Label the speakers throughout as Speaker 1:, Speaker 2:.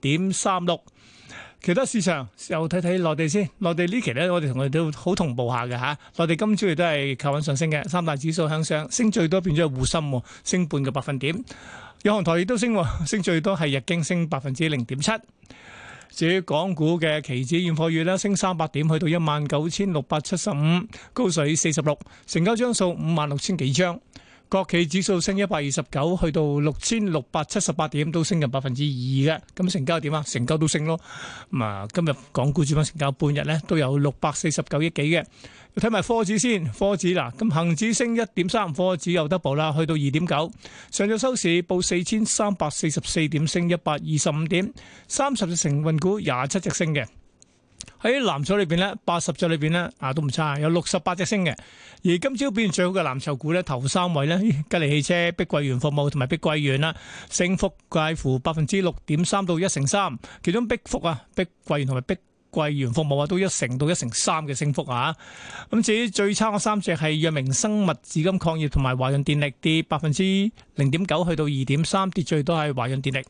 Speaker 1: 點三六，其他市場又睇睇內地先。內地呢期咧，我哋同佢都好同步下嘅嚇。內地今朝亦都係靠穩上升嘅，三大指數向上，升最多變咗係滬深，升半個百分點。有行台亦都升，升最多係日經升百分之零點七。至於港股嘅期指現貨月咧，升三百點，去到一萬九千六百七十五，高水四十六，成交張數五萬六千幾張。國企指數升一百二十九，去到六千六百七十八點，都升近百分之二嘅。咁成交點啊？成交都升咯。咁啊，今日港股主板成交半日咧，都有六百四十九億幾嘅。睇埋科指先，科指，嗱，咁恒指升一點三，科指又 double 啦，去到二點九。上晝收市報四千三百四十四點，升一百二十五點，三十隻成分股廿七隻升嘅。喺藍籌裏邊咧，八十隻裏邊咧，啊都唔差，有六十八隻升嘅。而今朝表現最好嘅藍籌股咧，頭三位咧，吉利汽車、碧桂園服務同埋碧桂園啦，升幅介乎百分之六點三到一成三。其中，碧福啊、碧桂園同埋碧桂園服務啊，都一成到一成三嘅升幅啊。咁至於最差嘅三隻係藥明生物、紫金礦業同埋華潤電力，跌百分之零點九去到二點三，跌最多係華潤電力。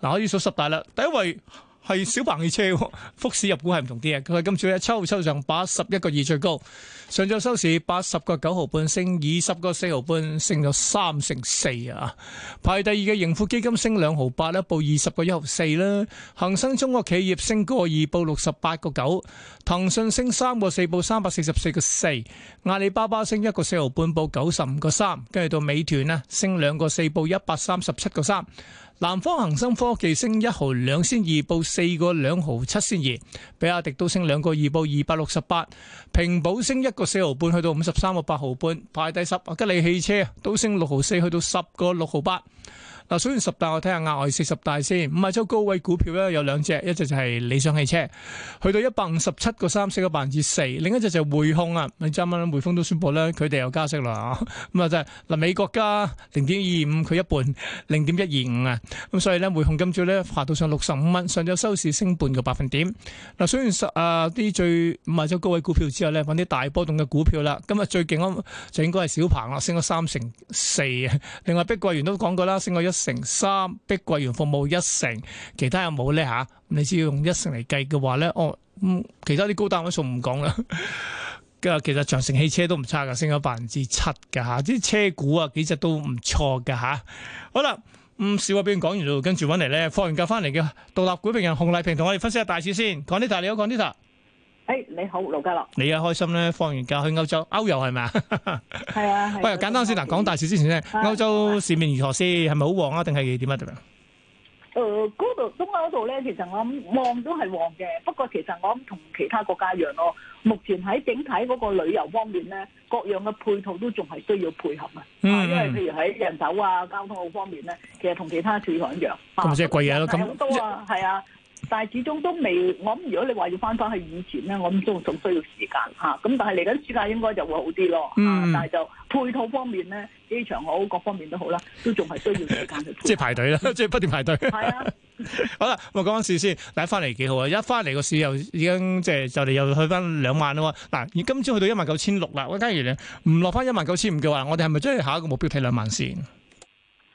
Speaker 1: 嗱，可以數十大啦，第一位。係小鵬汽車，福士入股係唔同啲嘅。佢今次喺七號抽抽上八十一個二最高，上晝收市八十個九毫半升，二十個四毫半升咗三成四啊！排第二嘅盈富基金升兩毫八咧，報二十個一毫四啦。恒生中國企業升個二，報六十八個九。騰訊升三個四，報三百四十四個四。阿里巴巴升一個四毫半，報九十五個三。跟住到美團啊，升兩個四，報一百三十七個三。南方恒生科技升一毫兩仙二，報四個兩毫七仙二，比亞迪都升兩個二，報二百六十八，平保升一個四毫半，去到五十三個八毫半，排第十。吉利汽車都升六毫四，去到十個六毫八。嗱，數完十大我睇下額外四十大先，五十周高位股票咧有兩隻，一隻就係理想汽車，去到一百五十七個三，升咗百分之四。另一隻就係匯控啊，五千蚊，匯豐都宣布咧，佢哋又加息啦，咁啊就係嗱，美國加零點二五，佢一半零點一二五啊，咁所以咧匯控今朝咧爬到上六十五蚊，上晝收市升半個百分點。嗱，數完十啊啲最五十周高位股票之後咧，揾啲大波動嘅股票啦。今日最勁嘅就應該係小鵬啦，升咗三成四啊。另外碧桂園都講過啦，升咗一成三，碧桂園服務一成，其他有冇咧吓？你只要用一成嚟計嘅話咧，哦，咁其他啲高單位數唔講啦。嘅 其實長城汽車都唔差噶，升咗百分之七噶吓，啲車股啊幾隻都唔錯噶吓。好啦，唔、嗯、少話俾佢講完跟住揾嚟咧，放完假翻嚟嘅獨立股評人熊麗萍同我哋分析下大市先。講呢，大，你好，講呢？
Speaker 2: 誒，你好，盧
Speaker 1: 家樂，你又開心咧？放完假去歐洲歐遊係咪啊？
Speaker 2: 係啊，喂，簡單先嗱，講大事之前
Speaker 1: 先，歐洲市面如何先？係咪好旺啊？定係點啊？點啊？
Speaker 2: 誒，嗰度東歐嗰度咧，其實我諗旺都係旺嘅，不過其實我諗同其他國家一樣咯。目前喺整體嗰個旅遊方面咧，各樣嘅配套都仲係需要配合啊，因為譬如喺人手啊、交通嗰方面咧，其實同其他市場一樣。咁即係貴嘢咯，咁多啊，係啊。但係始終都未，我諗如果你話要翻翻去以前咧，我諗都仲需要時間吓。咁但係嚟緊暑假應該就會好啲咯。嗯、但係就配套方面咧，機場好，各方面都好啦，都仲係需要時間即
Speaker 1: 係排隊啦，嗯、即係不斷排隊。係啊， 好啦，我講完市先，第一翻嚟幾好啊！一翻嚟個市又已經即係就嚟又去翻兩萬啦。嗱，而今朝去到一萬九千六啦。我假如唔落翻一萬九千五嘅話，我哋係咪將下一個目標睇兩萬先？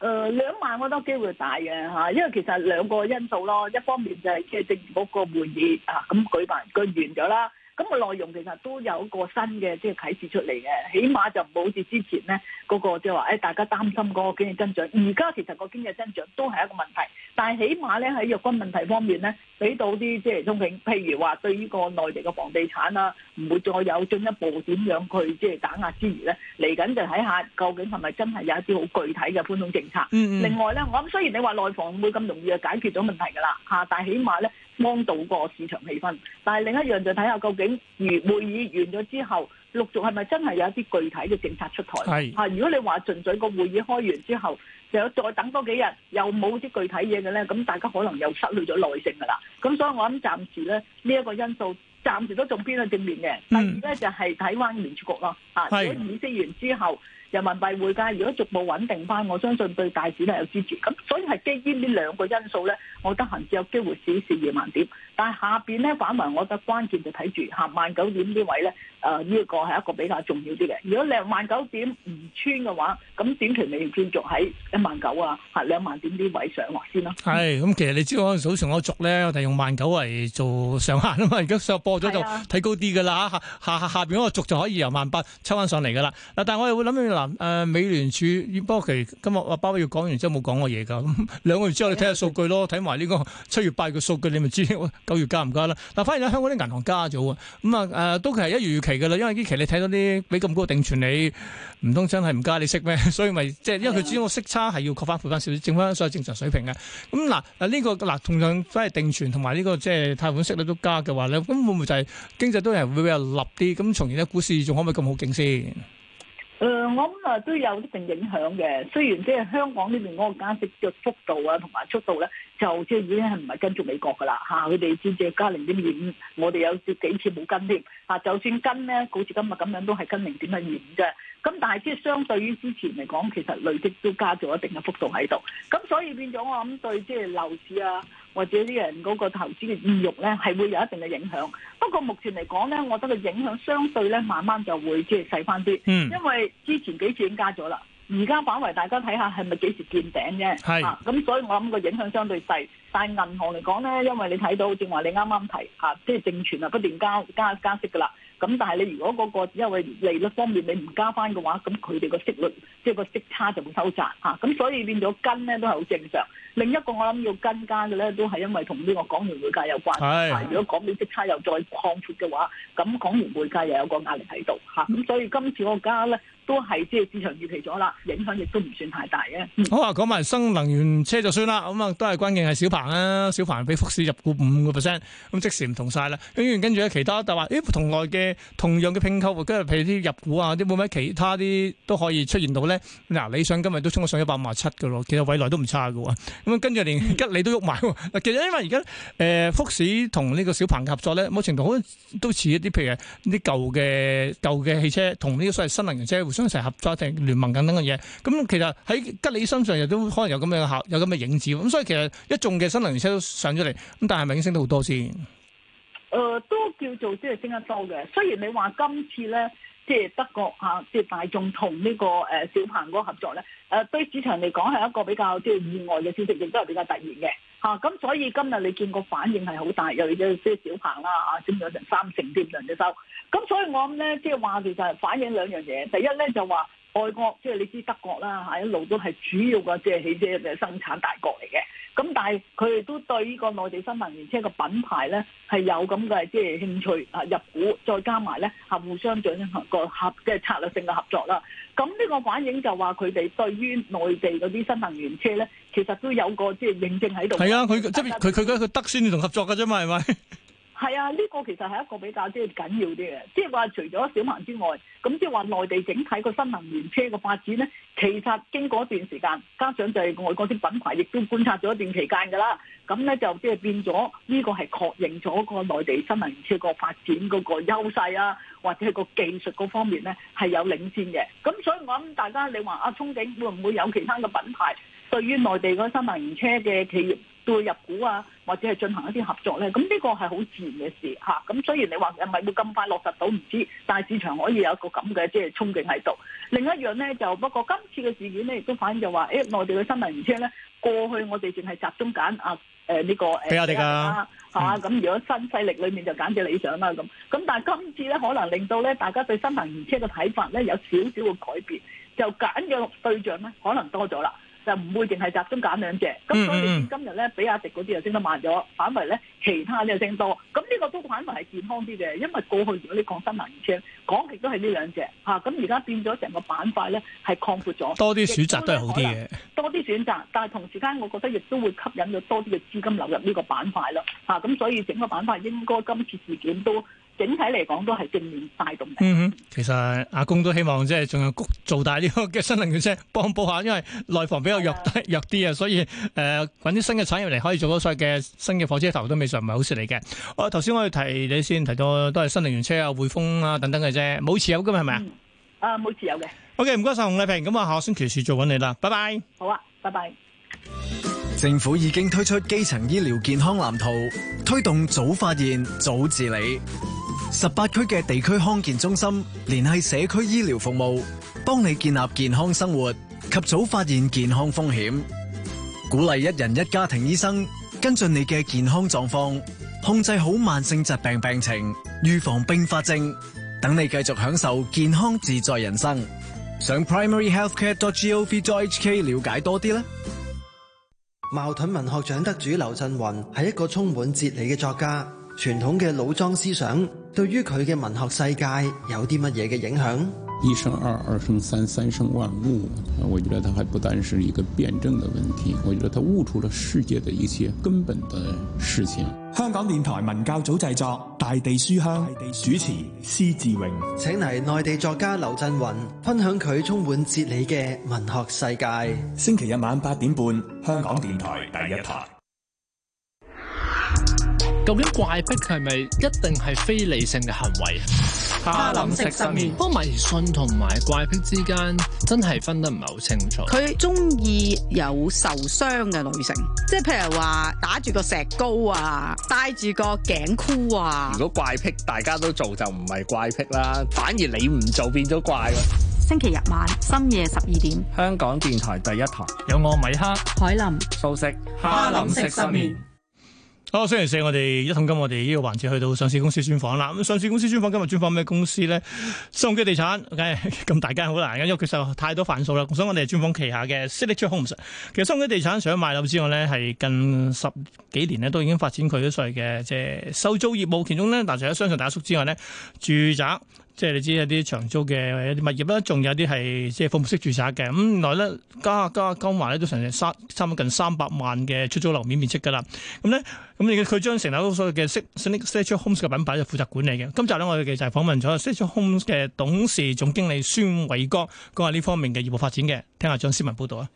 Speaker 2: 誒兩、呃、萬我都機會大嘅嚇，因為其實兩個因素咯，一方面就係即係正嗰個會議啊咁、嗯、舉辦佢完咗啦。咁個內容其實都有個新嘅即係啟示出嚟嘅，起碼就唔好似之前咧嗰個即係話誒大家擔心嗰個經濟增長，而家其實個經濟增長都係一個問題，但係起碼咧喺弱軍問題方面咧，俾到啲即係，憧憬譬如話對依個內地嘅房地產啊，唔會再有進一步點樣去即係打壓之餘咧，嚟緊就睇下究竟係咪真係有一啲好具體嘅寬鬆政策。嗯嗯。另外咧，我諗雖然你話內房唔會咁容易就解決咗問題㗎啦嚇，但係起碼咧。幫到個市場氣氛，但係另一樣就睇下究竟如會議完咗之後陸續係咪真係有一啲具體嘅政策出台？係啊，如果你話純粹個會議開完之後，就再等多幾日又冇啲具體嘢嘅咧，咁大家可能又失去咗耐性噶啦。咁所以我諗暫時咧呢一個因素暫時都仲偏向正面嘅。第二咧就係睇翻聯儲局咯，啊，如果議息完之後。人民幣匯價如果逐步穩定翻，我相信對大市係有支持。咁所以係基於呢兩個因素咧，我得閒至有機會少少二萬點。但係下邊咧反為，我覺得關鍵就睇住嚇萬九點呢位咧。誒呢一個係一個比較重要啲嘅。如果你萬九點唔穿嘅話，咁短期你要穿著喺一萬九啊，嚇兩萬點呢位上行先咯。係咁
Speaker 1: 哎嗯，其實你知道我嗰陣早上我續咧，我哋用萬九嚟做上限啦嘛。而家上播咗就睇高啲㗎啦。下下下下邊嗰個續就可以由萬八抽翻上嚟㗎啦。嗱，但係我哋會諗嗱，誒、呃、美聯儲波奇今日話包要講完之後冇講我嘢㗎，兩個月之後你睇下數據咯，睇埋呢個七月八月嘅數據，你咪知九月加唔加啦。嗱、啊，反而喺香港啲銀行加咗喎，咁、嗯、啊誒都係一如，如期嘅啦，因為呢期你睇到啲俾咁高定存，你唔通真係唔加？你識咩？所以咪即係因為佢主要個息差係要確翻回翻少少，正翻所有正常水平嘅。咁嗱誒呢個嗱同樣都係定存同埋、這個、呢個即係貸款息率都加嘅話咧，咁會唔會就係經濟都係會比較立啲？咁從而呢股市仲可唔可以咁好勁先？
Speaker 2: 誒，我諗啊都有一定影響嘅。雖然即係香港呢邊嗰個加息嘅幅度啊，同埋速度咧，就即係已經係唔係跟住美國㗎啦嚇。佢哋先至加零點二五，我哋有幾次冇跟添。啊，就算跟咧，好似今日咁樣都係跟零點零二五啫。咁但係即係相對於之前嚟講，其實累積都加咗一定嘅幅度喺度。咁所以變咗我諗對，即係樓市啊，或者啲人嗰個投資嘅意欲咧，係會有一定嘅影響。不過目前嚟講咧，我覺得個影響相對咧，慢慢就會即係細翻啲。嗯，因為之前幾次已經加咗啦，而家反為大家睇下係咪幾時見頂啫。係是，咁、啊、所以我諗個影響相對細。但銀行嚟講咧，因為你睇到正話你啱啱提嚇，即係正存啊、就是、不斷加加加息噶啦。咁但係你如果嗰、那個因為利率方面你唔加翻嘅話，咁佢哋個息率即係、就是、個息差就會收窄嚇。咁、啊、所以變咗跟咧都係好正常。另一個我諗要跟加嘅咧，都係因為同呢個港元匯價有關。係是、啊，如果港元息差又再擴闊嘅話，咁港元匯價又有個壓力喺度嚇。咁、啊、所以今次嗰個加咧。啊都係即係市場預期
Speaker 1: 咗啦，影響亦都唔算太大嘅。好啊，講埋新能源車就算啦。咁啊，都係關鍵係小鵬啊，小鵬俾福士入股五個 percent，咁即時唔同曬啦。跟住跟住咧，其他就話誒同類嘅同樣嘅併購，跟住譬如啲入股啊，啲冇咩其他啲都可以出現到咧。嗱，理想今日都衝咗上一百五十七嘅咯，其實未來都唔差嘅喎。咁啊，跟住連吉利都喐埋。嗱，其實因為而家誒福士同呢個小鵬合作咧，某程度好都似一啲譬如係啲舊嘅舊嘅汽車同呢個所謂新能源車。相成合作定聯盟等等嘅嘢，咁其實喺吉利身上又都可能有咁樣嘅合有咁嘅影子，咁所以其實一眾嘅新能源車都上咗嚟，咁但係咪已經升得好多先？
Speaker 2: 誒，都叫做即係升得多嘅。雖然你話今次咧，即係德國呀，即係大眾同呢個誒小鵬個合作咧，誒對市場嚟講係一個比較即係意外嘅消息，亦都係比較突然嘅。嚇！咁、啊、所以今日你見個反應係好大，尤其即係小鵬啦，啊，佔咗成三成啲量嘅收。咁所以我諗咧，即係話其實反映兩樣嘢。第一咧就話，外國即係你知德國啦，嚇，一路都係主要嘅，即係汽車嘅生產大國嚟嘅。咁但係佢哋都對呢個內地新能源車嘅品牌咧，係有咁嘅，即係興趣啊入股，再加埋咧，嚇，互相進行個合嘅策略性嘅合作啦。咁呢個反映就話佢哋對於內地嗰啲新能源車咧，其實都有個即係認證喺度。係 啊，佢即係佢
Speaker 1: 佢佢得先至同合作㗎啫嘛，係咪？
Speaker 2: 係啊，呢個其實係一個比較即係緊要啲嘅，即係話除咗小蠻之外，咁即係話內地整體個新能源車個發展咧，其實經過一段時間，加上就係外國啲品牌亦都觀察咗一段期間㗎啦，咁咧就即係變咗呢個係確認咗個內地新能源車個發展嗰個優勢啊，或者係個技術嗰方面咧係有領先嘅。咁所以我諗大家你話啊，憧憬會唔會有其他嘅品牌對於內地嗰個新能源車嘅企業？都會入股啊，或者係進行一啲合作咧，咁呢個係好自然嘅事嚇。咁雖然你話誒係咪會咁快落實到，唔知，但係市場可以有一個咁嘅即係憧憬喺度。另一樣咧就不過今次嘅事件咧，亦都反映就話誒內地嘅新能源車咧，過去我哋淨係集中揀啊誒呢個俾我哋㗎嚇咁。如果新勢力裡面就揀隻理想啦咁咁，但係今次咧可能令到咧大家對新能源車嘅睇法咧有少少嘅改變，就揀嘅對象咧可能多咗啦。就唔會淨係集中揀兩隻，咁所以今日咧，比亞迪嗰啲又升得慢咗，反為咧其他呢又升多，咁呢個都反為係健康啲嘅，因為過去如果你講新能源車講極都係呢兩隻嚇，咁而家變咗成個板塊咧係擴闊咗，多啲選擇都係好啲嘅，多啲選擇， 但係同時間我覺得亦都會吸引咗多啲嘅資金流入呢個板塊咯，嚇、啊、咁、嗯、所以整個板塊應該今次事件都。
Speaker 1: 整體嚟講都係正面帶動嘅。嗯哼，其實阿公都希望即係仲有谷做大呢個嘅新能源車，幫補下，因為內房比較弱低弱啲啊，所以誒揾啲新嘅產業嚟可以做多些嘅新嘅火車頭都未嘗唔係好事嚟嘅。我頭先我提你先提到都係新能源車啊，匯豐啊等等嘅啫，冇持有㗎嘛，係咪啊？啊，冇持有嘅。O.K. 唔該晒熊麗萍，咁啊，下星期四再揾你啦，拜拜。
Speaker 2: 好啊，拜拜。
Speaker 1: 政府已經推出基層醫療健康藍圖，推動早發現、早治理。十八區嘅地區康健中心聯繫社區醫療服務，幫你建立健康生活，及早發現健康風險，鼓勵一人一家庭醫生跟進你嘅健康狀況，控制好慢性疾病病情，預防併發症，等你繼續享受健康自在人生。上 primaryhealthcare.gov.hk 了解多啲啦。茅盾文學獎得主劉震雲係一個充滿哲理嘅作家。傳統嘅老莊思想對於佢嘅文學世界有啲乜嘢嘅影響？一生二，二生三，三生萬物。我覺得佢還不單是一個辯證的問題，我覺得佢悟出了世界的一些根本的事情。香港電台文教組製作《大地書香》地書香，主持施志榮，請嚟內地作家劉震雲分享佢充滿哲理嘅文學世界。星期日晚八點半，香港電台
Speaker 2: 第一台。
Speaker 1: 究竟怪癖係咪一定係非理性嘅行為？哈林食失眠，但迷信同埋怪癖之間真係分得唔係好清楚。佢
Speaker 2: 中意有受傷嘅女性，即係譬如話打住個石膏啊，戴住個頸箍啊。如果怪癖大家都做
Speaker 1: 就唔係怪癖啦，反而你唔做變咗怪。
Speaker 2: 星期日晚深夜十二點，香港電台第一台
Speaker 1: 有我米克、海林、素食，哈林食失眠。好、哦、星期四，我哋一桶金，我哋呢個環節去到上市公司專訪啦。咁上市公司專訪今日專訪咩公司咧？新鴻基地產，咁大間好難嘅，因為其實太多反數啦。所以，我哋係專訪旗下嘅 City c 其實新鴻基地產除咗賣樓之外咧，係近十幾年咧都已經發展佢啲所謂嘅即係收租業務，其中咧，但除咗商場大家廈之外咧，住宅。即係你知有啲長租嘅一啲物業啦，仲有啲係即係服務式住宅嘅。咁原來咧，加加加埋咧，都成三差唔多近三百萬嘅出租樓面面積噶啦。咁咧，咁佢將成樓所嘅 Select Homes 嘅品牌就負責管理嘅。今集咧，我哋其實就訪問咗 Select Homes 嘅董事總經理孫偉國，講下呢方面嘅業務發展嘅。聽下張思文報道啊！